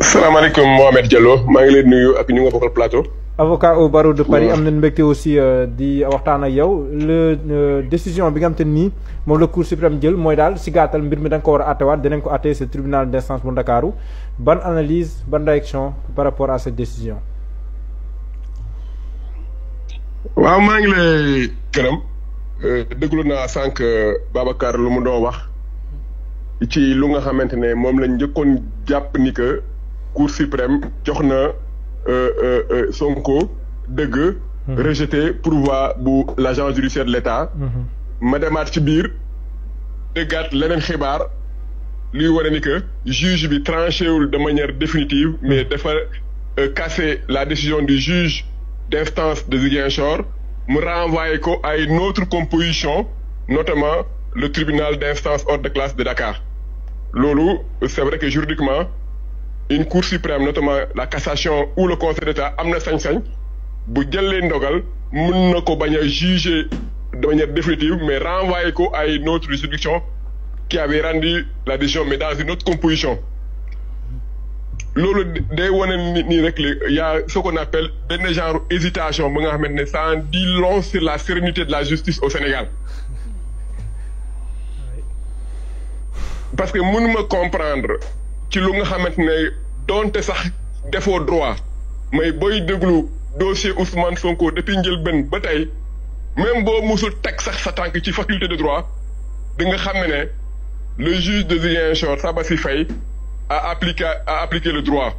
salaamaaleykum Mohamed Diallo maa ngi leen nuyu ak ñu nga bokkal plateau. avocat au barreau de Paris am mbekté aussi euh, di waxtana yow le euh, décision bi nga xam te nii moom la cour suprême djel moy dal si gatal mbir mi dang ko wara a wat dinañ ko àttee ce tribunal d'instance bu Ndakaaru ban analyse ban réaction par rapport à cette décision. waaw maa ngi lay gërëm euh, déglu na sank Babacar lu mu doon wax ci lu nga xamante ne moom lañ njëkkoon jàpp ni que cour suprême jox na euh, euh, euh, Sonko dëgg. Mhm. rejeté pourvoi bu l' agent judiciaire de l' état. Mhm. ma demaat ci biir dëggaat leneen xibaar luy wane ni que juge bi tranché wul de manière définitive mhm. mais dafa casser la décision du juge d' instance de Ziguinchor mu renvoyé ko à une autre composition notamment le tribunal d'instance hors de classe de Dakar Lolo, c'est vrai que juridiquement une cour suprême notamment la cassation ou le conseil d'état Amna na sañ-sañ bu jëlee ndogal juger de manière définitive mais renvoie à une autre juridiction qui avait rendu la décision mais dans une autre composition Lolo, day il y a ce qu'on appelle des genre hésitation on ça dit la sérénité de la justice au Sénégal parce que pas comprendre ci lu nga xamante ne donte sax defoo droit mais boy déglu dossier Ousmane Sonko depuis pingelben, ba tey même boo musul teg sax sa tànk ci faculté de droit di nga le juge de Ziguinchor Sabassi Fay a appliqué a appliqué le droit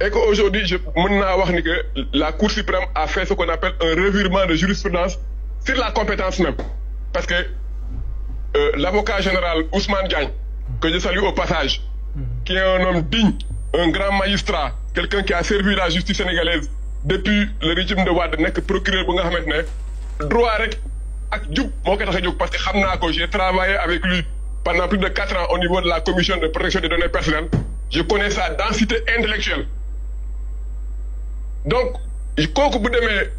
et que aujourd'hui je mën naa ni que la Cour suprême a fait ce qu'on appelle un revirement de jurisprudence sur la compétence même parce que euh, l'avocat général Ousmane Gagne, que je salue au passage, qui est un homme digne, un grand magistrat, quelqu'un qui a servi la justice sénégalaise depuis le régime de Wade, n'est que procureur, droit parce que j'ai travaillé avec lui pendant plus de 4 ans au niveau de la commission de protection des données personnelles. Je connais sa densité intellectuelle. Donc, je crois que vous devez,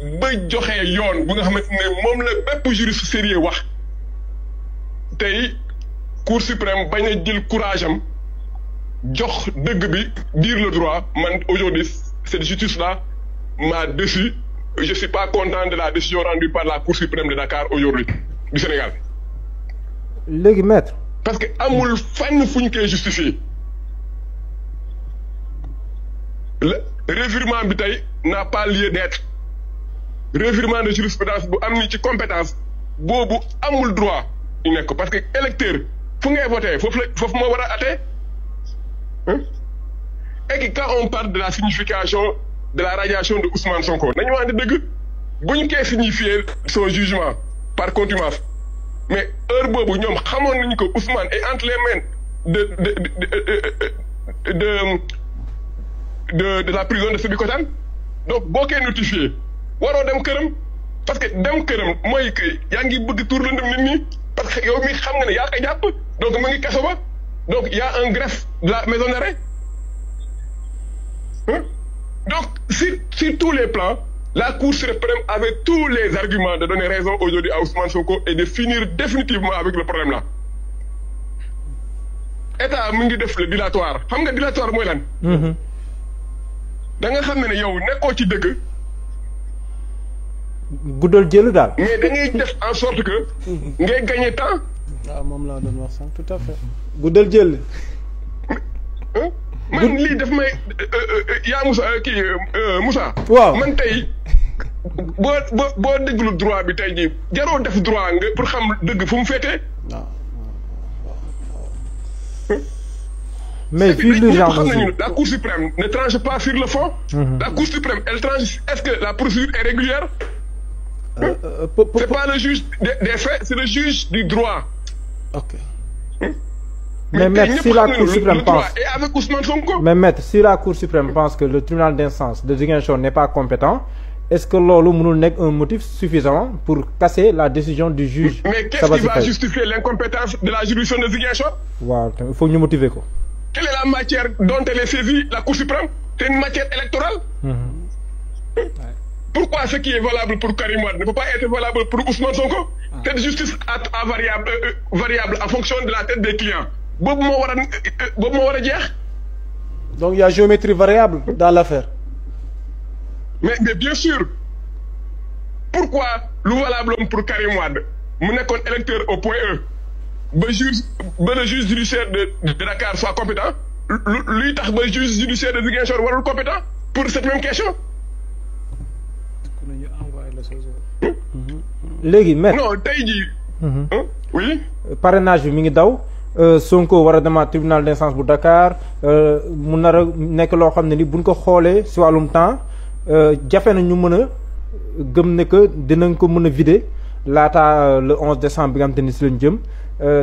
vous devez, vous devez, vous devez, vous sérieux vous tey cour suprême bañ a jël courage am jox dire le droit aujourd'hui cette justice là m'a déçu je suis pas content de la décision rendue par la cour suprême de Dakar aujourd'hui du Sénégal. légui maître. parce que amul fànn fu justifier le revirement bi tey n'a pas lieu d'être revirement de jurisprudence bu am ni ci compétence boobu amul droit parce que électeur vous faut voté vous hein? et quand on parle de la signification de la radiation de Ousmane Sonko nous avons son jugement par contumace mais Ousmane est entre les mains de de de de de la prison de vous donc notifié parce que dem il que parce que vous xam donc y' a un greffe de la maison d'arrêt hein? donc sur tous les plans la Cour suprême avait tous les arguments de donner raison aujourd'hui à Ousmane Soko et de finir définitivement avec le problème là Et mu ngi def le dilatoire xam nga dilatoire Tu lan. Mhm. da nga xam ne yow nekkoo ci Goudel jël mais da ngay def en sorte que. ngay gagner temps. ah mom la don wax tout à fait. Goudel jël. Hein? man li daf may euh, euh, euh, ya Moussa kii Moussa. waaw man tay bo bo boo droit bi tay ni un def droit pour xam deug fu mu ah, mais fii le la Cour suprême ne tranche pas sur le fond. Mhm. la Cour suprême elle tranche est-ce que la procédure est régulière. Euh, euh, euh, c'est pas le juge des faits, c'est le juge du droit. Ok. Hein? Mais, maître, si la Cour suprême pense... Mais maître, si la Cour suprême pense que le tribunal d'instance de Ziguinchor n'est pas compétent, est-ce que l'OLO n'est un motif suffisant pour casser la décision du juge Mais qu'est-ce qui va justifier l'incompétence de la juridiction de Ziguinchor Il faut nous motiver. Quoi. Quelle est la matière dont elle est saisie, la Cour suprême C'est une matière électorale mhm. hein? Pourquoi ce qui est valable pour Karim Wade ne peut pas être valable pour Ousmane Sonko ah. Cette justice à, variable, euh, variable en fonction de la tête des clients. Euh, Donc il y a géométrie variable dans l'affaire. Mais, bien sûr, pourquoi le valable pour Karim Wade, mon électeur au point E, le juge, le juge judiciaire de, Dakar soit compétent, lui, le juge judiciaire de Ziguinchor soit compétent pour cette même question na ñu envoyé la chose. léegi maître tey jii. Mhm. oui. bi mi ngi daw. Euh, Sonko war a demaat tribunal d'instance bu Dakar euh, mu nar a nekk loo xam ne ni buñ ko xoolee si wàllum temps euh, jafe na ñu mën a gëm ne que dinañ ko mën a vider laataa le 11 décembre bi nga xamante ni si lañ jëm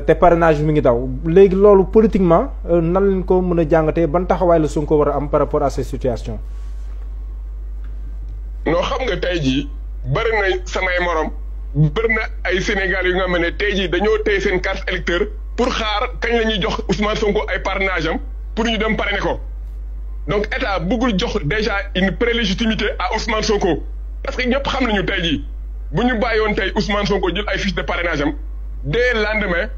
te parrainage mi ngi daw léegi loolu politiquement nan lañ ko mën a jàngatee ban taxawaay la Sonko war a am par rapport a ces situations. non xam nga tey jii bëri na samay morom bëri na ay Sénégal yu nga xam ne tey jii dañoo téye seen carte électeur pour xaar kañ la ñuy jox Ousmane Sonko ay parrainage pour ñu dem parrainer ko donc état bëggul jox déjà une prélégitimité à Ousmane Sonko parce que ñëpp xam nañu tey jii bu ñu bàyyoon tey usman Sonko jël ay fiche de parrainage am dès le lendemain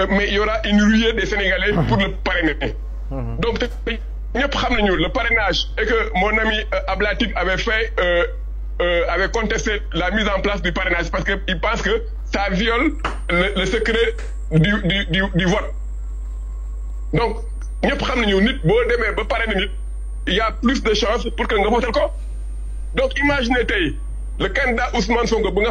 euh, mais il y aura une ruée des Sénégalais pour le parrainer donc Nous le parrainage et que mon ami euh, Ablatik avait fait euh, euh, avait contesté la mise en place du parrainage parce qu'il pense que ça viole le, secret du vote donc nous avons il y a plus de chances pour que nous votions. donc imaginez le candidat Ousmane Sonko bu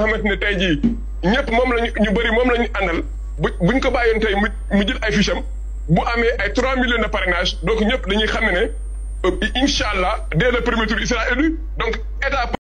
bu y ay 3 millions de parrainage donc nous dañuy xam ne ne euh, inshaAllah, dès le premier tour il sera élu donc état